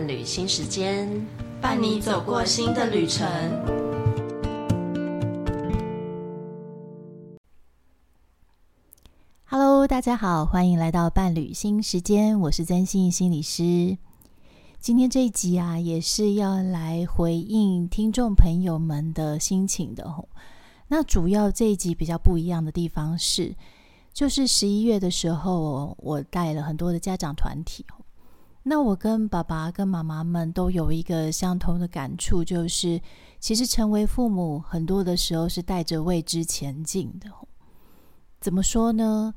伴侶新時間，伴你走過新的旅程。Hello，大家好，歡迎來到伴侶新時間，我是心怡心理師。今天這一集啊，也是要來回應聽眾朋友們的心情的。那主要這一集比較不一樣的地方是，就是十一月的時候，我帶了很多的家長團體。那我跟爸爸、跟媽媽們都有一個相同的感觸，就是其實成為父母很多的時候是帶着未知前進的。怎麼說呢？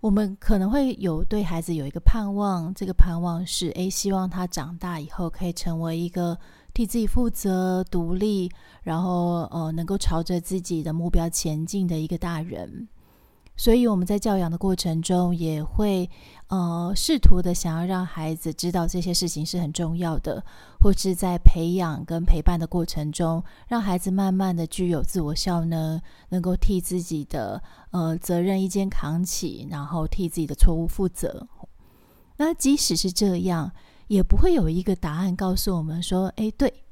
我們可能會有對孩子有一個盼望，這個盼望是：誒，希望他長大以後可以成為一個替自己負責、獨立，然後呃能夠朝着自己的目標前進的一個大人。所以我們在教養的過程中，也會呃試圖的想要讓孩子知道這些事情是很重要的，或是在培養跟陪伴的過程中，讓孩子慢慢的具有自我效能，能夠替自己的呃責任一肩扛起，然後替自己的錯誤負責。那即使是這樣，也不會有一個答案告訴我們說：哎，對，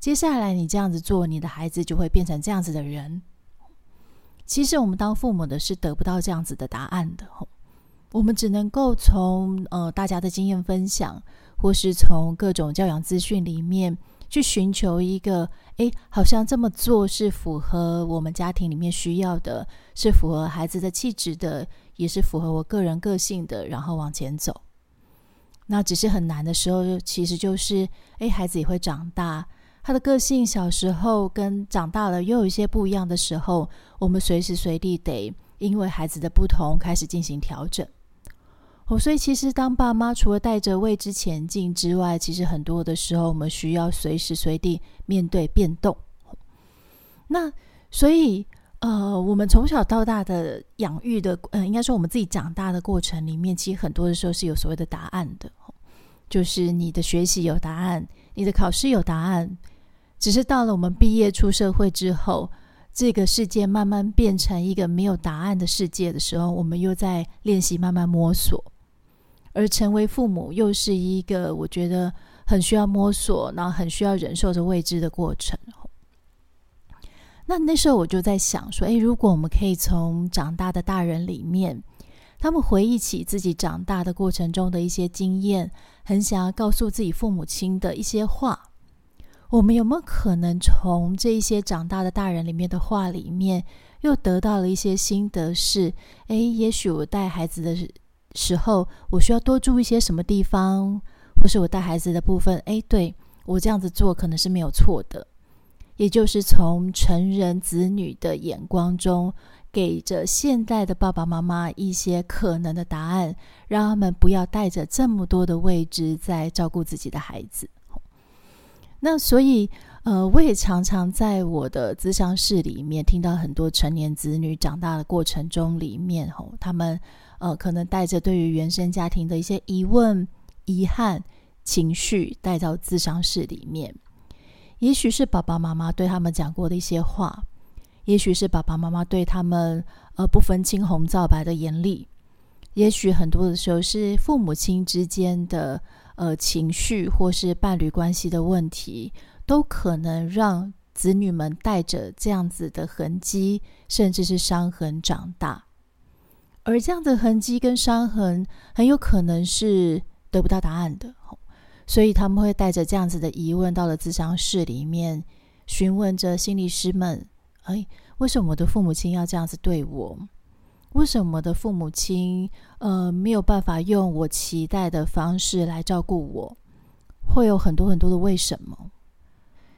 接下來你這樣子做，你的孩子就會變成這樣子的人。其實我們當父母的是得不到這樣子的答案的，我們只能夠從，呃，大家的經驗分享，或是從各種教養資訊裡面去尋求一個，哎，好像這麼做是符合我們家庭裡面需要的，是符合孩子的氣質的，也是符合我個人個性的，然後往前走。那只是很難的時候，其實就是，哎，孩子也會長大。他的個性小時候跟長大了又有一些不一樣的時候，我們隨時隨地得因為孩子的不同開始進行調整。哦，所以其實當爸媽除了帶着未知前進之外，其實很多的時候我們需要隨時隨地面對變動。那所以呃，我們從小到大的養育的，嗯、呃，應該說我們自己長大的過程裡面，其實很多的時候是有所謂的答案的，就是你的學習有答案，你的考試有答案。只是到了我們畢業出社會之後，這個世界慢慢變成一個沒有答案的世界的時候，我們又在練習慢慢摸索。而成為父母又是一個我覺得很需要摸索，然後很需要忍受着未知的過程。那那時候我就在想說，誒、哎，如果我們可以從長大的大人裡面，他們回憶起自己長大的過程中的一些經驗，很想要告訴自己父母親的一些話。我們有沒有可能從這些長大的大人裡面的話裡面，又得到了一些心得？是，誒，也許我帶孩子的時候，我需要多注意一些什麼地方，或是我帶孩子的部分，誒，對，我這樣子做可能是沒有錯的。也就是從成人子女的眼光中，給着現代的爸爸媽媽一些可能的答案，讓他們不要帶着這麼多的未知在照顧自己的孩子。那所以，呃，我也常常在我的諮商室裡面聽到很多成年子女長大的過程中裡面，吼，他們呃，可能帶着對於原生家庭的一些疑問、遺憾、情緒帶到諮商室裡面。也許是爸爸媽媽對他們講過的一些話，也許是爸爸媽媽對他們呃不分青紅皂白的嚴厲，也許很多的時候是父母親之間的。呃，情緒或是伴侶關係的問題，都可能讓子女們帶着這樣子的痕跡，甚至是傷痕長大。而這樣的痕跡跟傷痕，很有可能是得不到答案的。所以他們會帶着這樣子的疑問，到了諮商室裡面，詢問着心理師們：哎，為什麼我的父母親要這樣子對我？為什麼的父母親，呃，沒有辦法用我期待的方式來照顧我？會有很多很多的為什麼，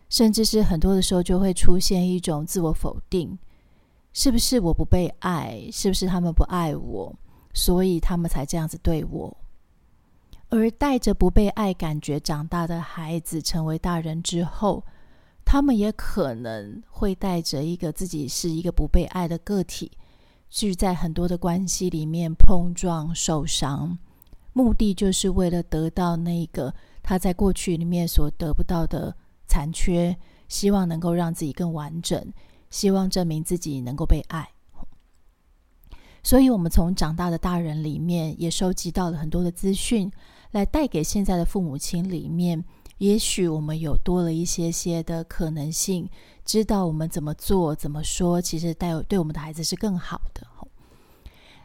甚至是很多的時候就會出現一種自我否定，是不是我不被愛？是不是他們不愛我？所以他們才這樣子對我。而帶着不被愛感覺長大的孩子，成為大人之後，他們也可能會帶着一個自己是一個不被愛的個體。是在很多的關係裡面碰撞受傷，目的就是為了得到那個他在過去裡面所得不到的殘缺，希望能夠讓自己更完整，希望證明自己能夠被愛。所以，我們從長大的大人裡面也收集到了很多的資訊，來帶給現在的父母親裡面，也許我們有多了一些些的可能性。知道我們怎麼做、怎麼說，其實帶有對我們的孩子是更好的。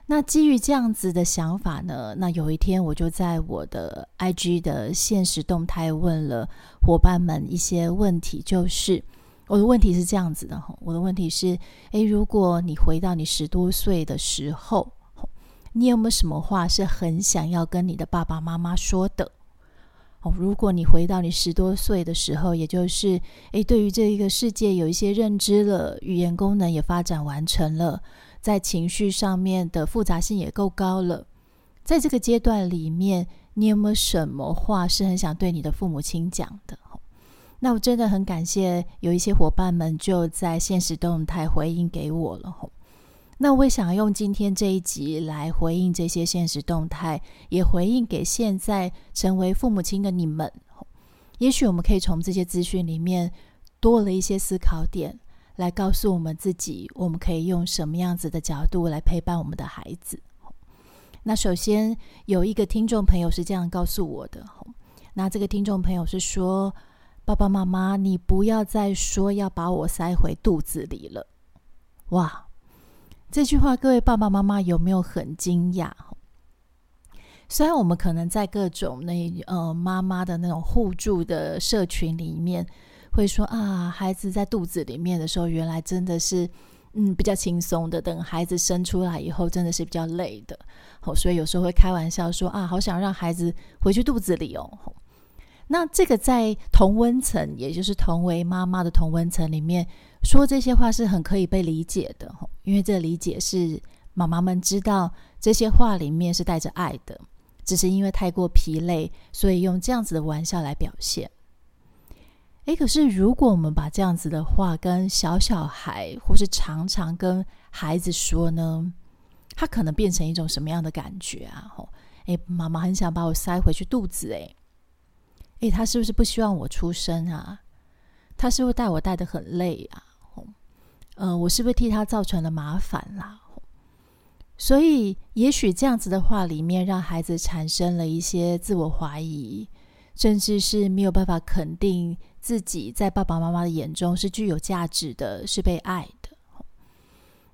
那基於這樣子的想法呢，那有一天我就在我的 IG 的限時動態問了夥伴們一些問題，就是我的問題是這樣子的，我的問題是，誒，如果你回到你十多歲的時候，你有沒有什麼話是很想要跟你的爸爸媽媽說的？哦，如果你回到你十多歲的時候，也就是誒，對於這一個世界有一些認知了，語言功能也發展完成了，在情緒上面的複雜性也夠高了。在這個階段裡面，你有沒有什麼話是很想對你的父母親講的？那我真的很感謝有一些伙伴們就在限時動態回應給我了，那我也想用今天這一集來回應這些限時動態，也回應給現在成為父母親的你們。也許我們可以從這些資訊裡面多了一些思考點，來告訴我們自己，我們可以用什麼樣子的角度來陪伴我們的孩子。那首先有一個聽眾朋友是這樣告訴我的，那這個聽眾朋友是說：“爸爸媽媽，你不要再說要把我塞回肚子裡了。”哇！這句話，各位爸爸媽媽有沒有很驚訝？雖然我們可能在各種那呃媽媽的那種互助的社群裡面，會說啊，孩子在肚子裡面的時候，原來真的是嗯比較輕鬆的。等孩子生出來以後，真的是比較累的。哦，所以有時候會開玩笑說啊，好想讓孩子回去肚子裡哦。那這個在同溫層，也就是同為媽媽的同溫層裡面。說這些話是很可以被理解的，因為這理解是媽媽們知道這些話裡面是帶着愛的，只是因為太過疲累，所以用這樣子的玩笑來表現。誒，可是如果我們把這樣子的話跟小小孩或是常常跟孩子說呢，他可能變成一種什麼樣的感覺啊？吼，誒，媽媽很想把我塞回去肚子，誒，誒，他是不是不希望我出生啊？他是不是帶我帶得很累啊？嗯、呃，我是不是替他造成了麻煩啦、啊？所以，也許這樣子的話，裡面讓孩子產生了一些自我懷疑，甚至是沒有辦法肯定自己在爸爸媽媽的眼中是具有價值的，是被愛的。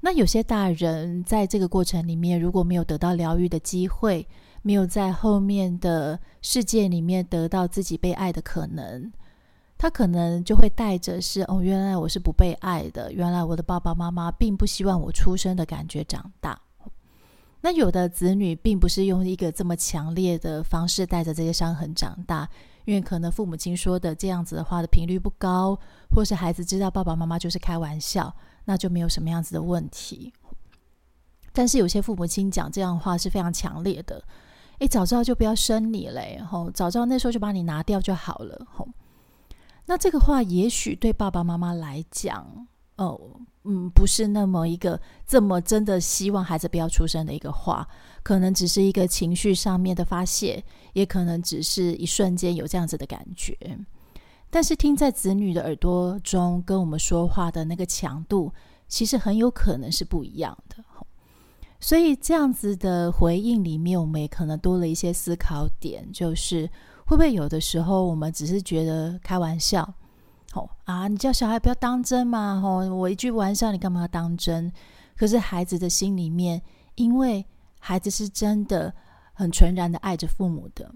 那有些大人在這個過程裡面，如果沒有得到療癒的機會，沒有在後面的世界裡面得到自己被愛的可能。他可能就會帶着是哦，原來我是不被愛的。原來我的爸爸媽媽並不希望我出生的感覺長大。那有的子女並不是用一個這麼強烈的方式帶着這些傷痕長大，因為可能父母親說的這樣子的話的頻率不高，或是孩子知道爸爸媽媽就是開玩笑，那就沒有什麼樣子的問題。但是有些父母親講這樣的話是非常強烈的，誒，早知道就不要生你嘞，然後早知道那時候就把你拿掉就好了，吼。那這個話，也許對爸爸媽媽來講，哦，嗯，不是那麼一個這麼真的希望孩子不要出生的一個話，可能只是一個情緒上面的發洩，也可能只是一瞬間有這樣子的感覺。但是聽在子女的耳朵中，跟我們說話的那個強度，其實很有可能是不一樣的。所以這樣子的回應裡面，我們也可能多了一些思考點，就是。會不會有的時候我們只是覺得開玩笑，哦啊，你叫小孩不要當真嘛，哦，我一句玩笑，你幹嘛要當真？可是孩子的心裡面，因為孩子是真的很純然的愛着父母的，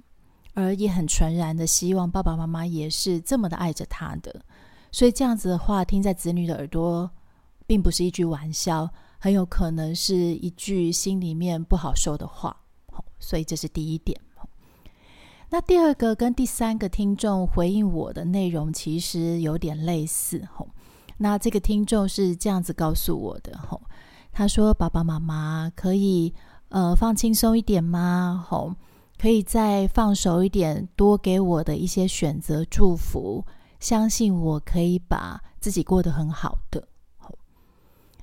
而也很純然的希望爸爸媽媽也是這麼的愛着他的，所以這樣子的話，聽在子女的耳朵，並不是一句玩笑，很有可能是一句心裡面不好說的話，哦，所以這是第一點。那第二個跟第三個聽眾回應我的內容其實有點類似吼，那這個聽眾是這樣子告訴我的吼，他說：“爸爸媽媽可以呃放輕鬆一點嗎？吼，可以再放手一點，多給我的一些選擇祝福，相信我可以把自己過得很好的。”吼，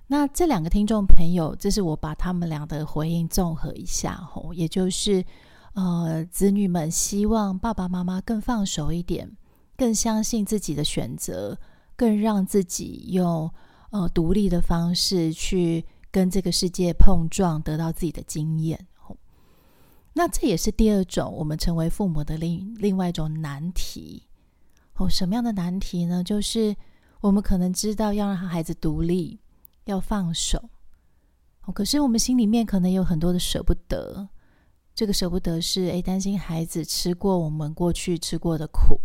那這兩個聽眾朋友，這是我把他們倆的回應綜合一下吼，也就是。呃，子女們希望爸爸媽媽更放手一點，更相信自己的選擇，更讓自己用呃獨立的方式去跟這個世界碰撞，得到自己的經驗。哦，那這也是第二種我們成為父母的另另外一種難題。哦，什麼樣的難題呢？就是我們可能知道要讓孩子獨立，要放手，哦，可是我們心裡面可能有很多的捨不得。這個捨不得是誒，擔心孩子吃過我們過去吃過的苦，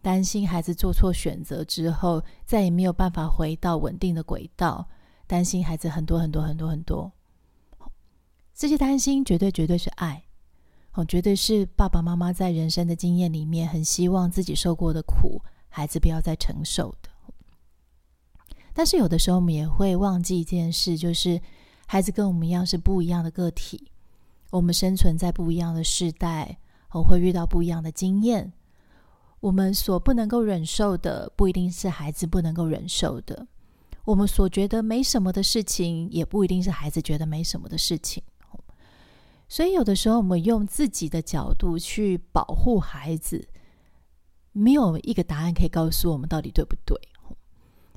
擔心孩子做錯選擇之後再也沒有辦法回到穩定的軌道，擔心孩子很多很多很多很多，這些擔心絕對絕對是愛哦，絕對是爸爸媽媽在人生的經驗裡面很希望自己受過的苦，孩子不要再承受的。但是有的時候我們也會忘記一件事，就是孩子跟我們一樣是不一樣的個體。我們生存在不一樣的世代，會遇到不一樣的經驗。我們所不能夠忍受的，不一定是孩子不能夠忍受的；我們所覺得沒什麼的事情，也不一定是孩子覺得沒什麼的事情。所以，有的時候我們用自己的角度去保護孩子，沒有一個答案可以告訴我們到底對不對。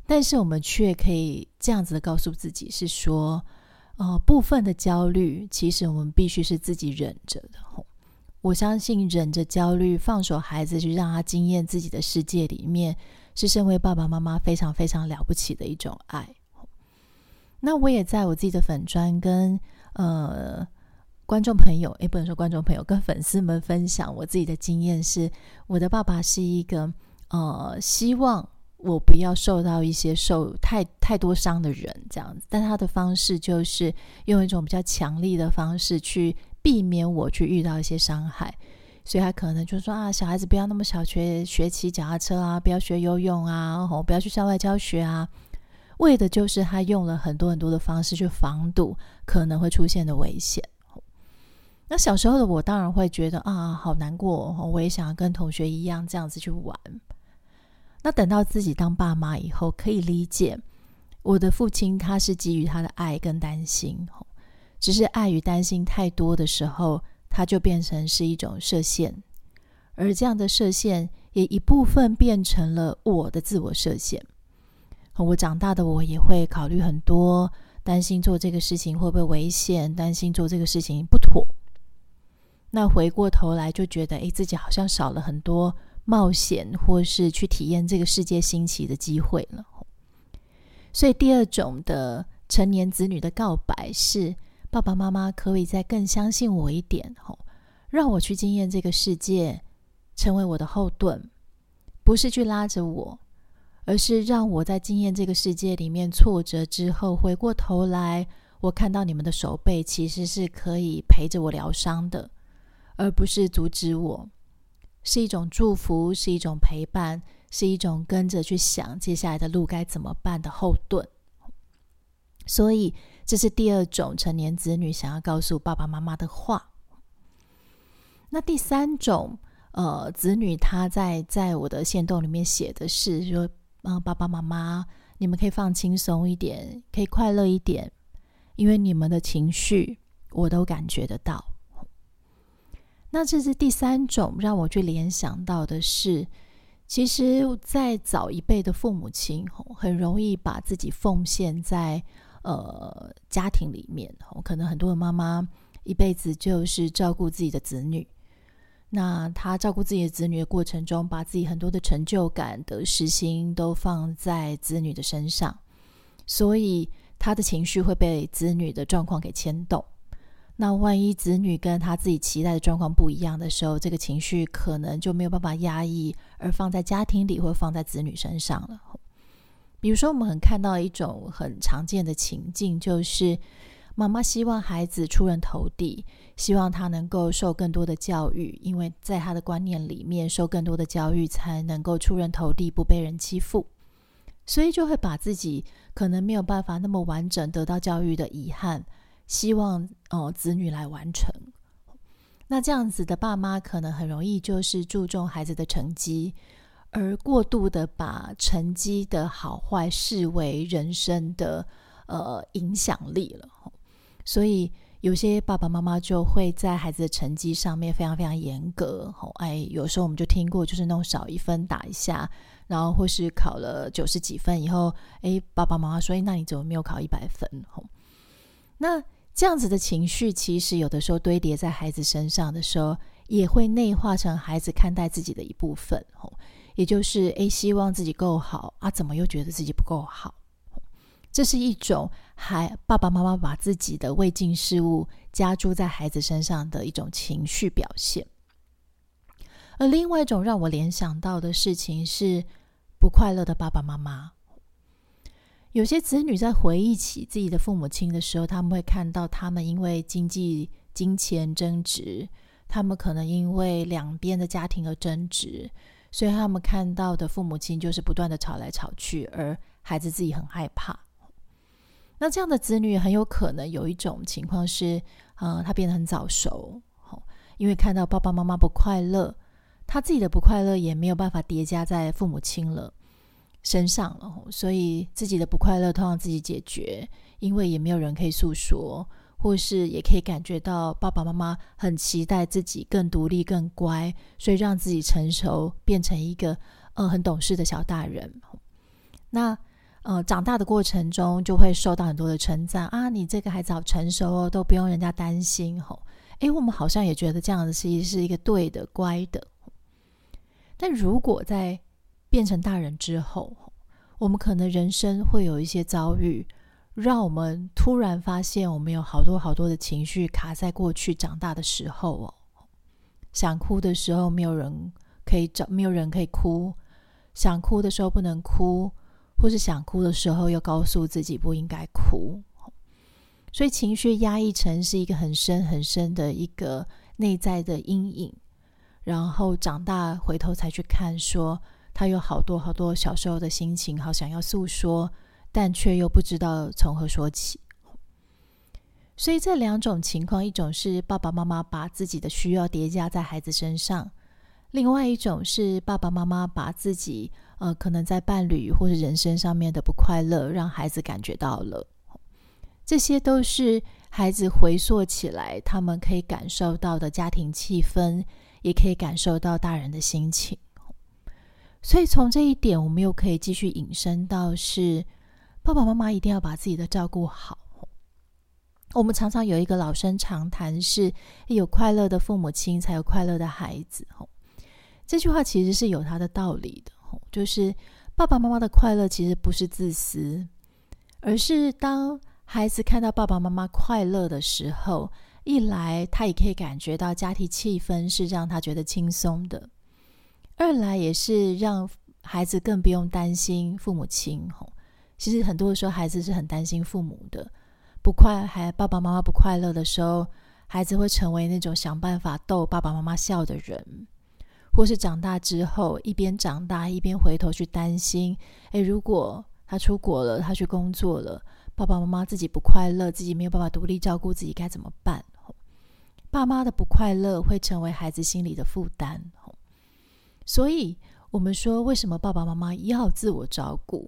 但是，我們卻可以這樣子的告訴自己：是說。哦，部分的焦慮其實我們必須是自己忍着的。吼，我相信忍着焦慮，放手孩子去讓他經驗自己的世界裡面，是身為爸爸媽媽非常非常了不起的一種愛。那我也在我自己的粉專跟呃觀眾朋友，也不能說觀眾朋友，跟粉絲們分享我自己的經驗是，我的爸爸是一個呃希望我不要受到一些受太太多傷的人這樣子，但他的方式就是用一種比較強力的方式去避免我去遇到一些傷害，所以他可能就說啊，小孩子不要那麼小學學騎腳踏車啊，不要學游泳啊，哦，不要去校外教學啊，為的就是他用了很多很多的方式去防堵可能會出現的危險。那小時候的我當然會覺得啊，好難過，哦，我也想要跟同學一樣這樣子去玩。那等到自己當爸媽以後，可以理解，我的父親他是基於他的愛跟擔心，只是愛與擔心太多的時候，他就變成是一種設限，而這樣的設限也一部分變成了我的自我設限。我長大的我也會考慮很多，擔心做這個事情會不會危險，擔心做這個事情不妥。那回過頭來就覺得，哎，自己好像少了很多。冒險，或是去體驗這個世界新奇的機會了。所以，第二種的成年子女的告白是：爸爸媽媽可以再更相信我一點吼，讓我去經驗這個世界，成為我的後盾，不是去拉着我，而是讓我在經驗這個世界裡面挫折之後，回過頭來，我看到你們的手背，其實是可以陪着我療傷的，而不是阻止我。是一種祝福，是一種陪伴，是一種跟着去想接下來的路該怎麼辦的後盾。所以，這是第二種成年子女想要告訴爸爸媽媽的話。那第三種，呃，子女他在在我的限動裡面寫的是說，嗯，就是，爸爸媽媽，你們可以放輕鬆一點，可以快樂一點，因為你們的情緒我都感覺得到。那這是第三種讓我去聯想到的是，其實，在早一輩的父母親，很容易把自己奉獻在呃家庭裡面。可能很多的媽媽一輩子就是照顧自己的子女，那他照顧自己的子女的過程中，把自己很多的成就感、得失心都放在子女的身上，所以他的情緒會被子女的狀況給牽動。那萬一子女跟他自己期待的狀況不一樣的時候，這個情緒可能就沒有辦法壓抑，而放在家庭裡或放在子女身上了。比如說，我們很看到一種很常見的情境，就是媽媽希望孩子出人頭地，希望他能夠受更多的教育，因為在他的觀念裡面，受更多的教育才能夠出人頭地，不被人欺負，所以就會把自己可能沒有辦法那麼完整得到教育的遺憾。希望哦，子女來完成。那這樣子的爸媽可能很容易就是注重孩子的成績，而過度的把成績的好壞視為人生的呃影響力了。所以有些爸爸媽媽就會在孩子的成績上面非常非常嚴格。吼，哎，有時候我們就聽過就是那種少一分打一下，然後或是考了九十幾分以後，哎，爸爸媽媽說，那你怎麼沒有考一百分？吼，那。這樣子的情緒，其實有的時候堆疊在孩子身上的時候，也會內化成孩子看待自己的一部分，也就是誒希望自己夠好，啊，怎麼又覺得自己不夠好？這是一種還爸爸媽媽把自己的未竟事物加注在孩子身上的一種情緒表現。而另外一種讓我聯想到的事情是，不快樂的爸爸媽媽。有些子女在回憶起自己的父母親的時候，他們會看到他們因為經濟、金錢爭執，他們可能因為兩邊的家庭而爭執，所以他們看到的父母親就是不斷的吵來吵去，而孩子自己很害怕。那這樣的子女很有可能有一種情況是，呃、嗯，他變得很早熟，吼，因為看到爸爸媽媽不快樂，他自己的不快樂也沒有辦法疊加在父母親了身上了，所以自己的不快樂通常自己解決，因為也沒有人可以訴說，或是也可以感覺到爸爸媽媽很期待自己更獨立、更乖，所以讓自己成熟，變成一個呃很懂事的小大人。那呃長大的過程中，就會受到很多的稱讚啊，你這個孩子好成熟哦，都不用人家擔心哦。誒，我們好像也覺得這樣子其實是一個對的、乖的。但如果在變成大人之後，我們可能人生會有一些遭遇，讓我們突然發現，我們有好多好多的情緒卡在過去長大的時候哦。想哭的時候，沒有人可以找，沒有人可以哭；想哭的時候不能哭，或是想哭的時候又告訴自己不應該哭。所以，情緒壓抑成是一個很深很深的一個內在的陰影。然後長大回頭才去看說，他有好多好多小時候的心情，好想要訴說，但卻又不知道從何說起。所以這兩種情況，一種是爸爸媽媽把自己的需要疊加在孩子身上，另外一種是爸爸媽媽把自己呃可能在伴侶或是人生上面的不快樂，讓孩子感覺到了。這些都是孩子回溯起來，他們可以感受到的家庭氣氛，也可以感受到大人的心情。所以從這一點，我們又可以繼續引申到是，爸爸媽媽一定要把自己的照顧好。我們常常有一個老生常談，是有快樂的父母親才有快樂的孩子。吼，這句話其實是有它的道理的。吼，就是爸爸媽媽的快樂其實不是自私，而是當孩子看到爸爸媽媽快樂的時候，一來他也可以感覺到家庭氣氛是讓他覺得輕鬆的。二來也是讓孩子更不用擔心父母親吼，其實很多的時候孩子是很擔心父母的，不快還，爸爸媽媽不快樂的時候，孩子會成為那種想辦法逗爸爸媽媽笑的人，或是長大之後一邊長大一邊回頭去擔心，哎，如果他出國了，他去工作了，爸爸媽媽自己不快樂，自己沒有辦法獨立照顧自己該怎麼辦？爸媽的不快樂會成為孩子心裡的負擔。所以我們說，為什麼爸爸媽媽要自我照顧？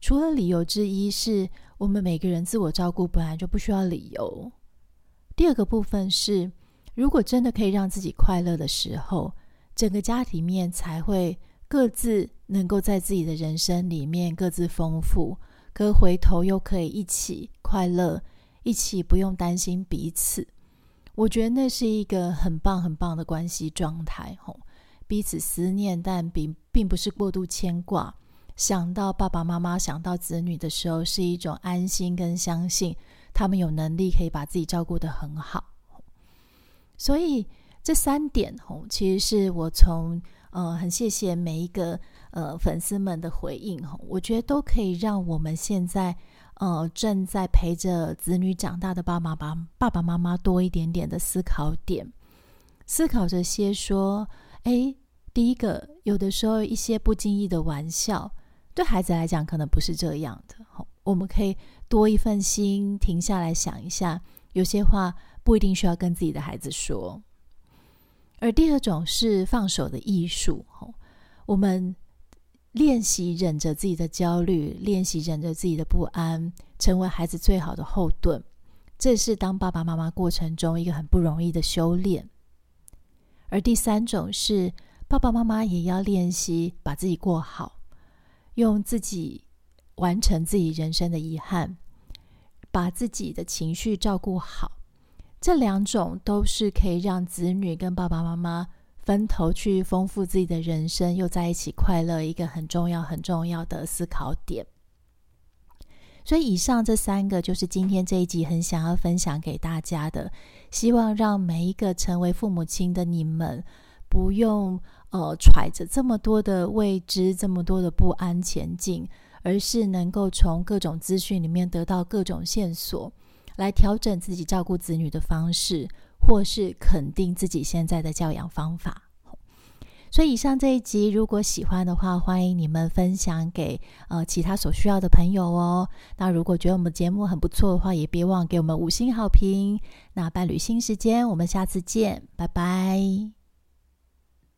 除了理由之一是，我們每個人自我照顧本來就不需要理由。第二個部分是，如果真的可以讓自己快樂的時候，整個家庭裡面，才會各自能夠在自己的人生裡面各自豐富，可回頭又可以一起快樂，一起不用擔心彼此。我覺得那是一個很棒很棒的關係狀態，哦，彼此思念，但並並不是過度牽掛。想到爸爸媽媽，想到子女的時候，是一種安心跟相信，他們有能力可以把自己照顧得很好。所以，這三點，其實是我從呃很謝謝每一個呃粉絲們的回應，我覺得都可以讓我們現在呃正在陪着子女長大的爸爸爸爸爸媽媽多一點點的思考點，思考着些說。哎，第一個，有的時候一些不經意的玩笑，對孩子來講，可能不是這樣的。好，我們可以多一份心，停下來想一下，有些話不一定需要跟自己的孩子說。而第二種是放手的藝術。好，我們練習忍着自己的焦慮，練習忍着自己的不安，成為孩子最好的後盾。這是當爸爸媽媽過程中一個很不容易的修煉。而第三種是，爸爸媽媽也要練習把自己過好，用自己完成自己人生的遺憾，把自己的情緒照顧好。這兩種都是可以讓子女跟爸爸媽媽分頭去豐富自己的人生，又在一起快樂，一個很重要、很重要的思考點。所以，以上這三個就是今天這一集很想要分享給大家的，希望讓每一個成為父母親的你們，不用呃揣着這麼多的未知、這麼多的不安前進，而是能夠從各種資訊裡面得到各種線索，來調整自己照顧子女的方式，或是肯定自己現在的教養方法。所以以上這一集，如果喜歡的話，歡迎你們分享給呃其他所需要的朋友哦。那如果覺得我們節目很不錯的話，也別忘給我們五星好評。那伴侶新行時間，我們下次見，拜拜。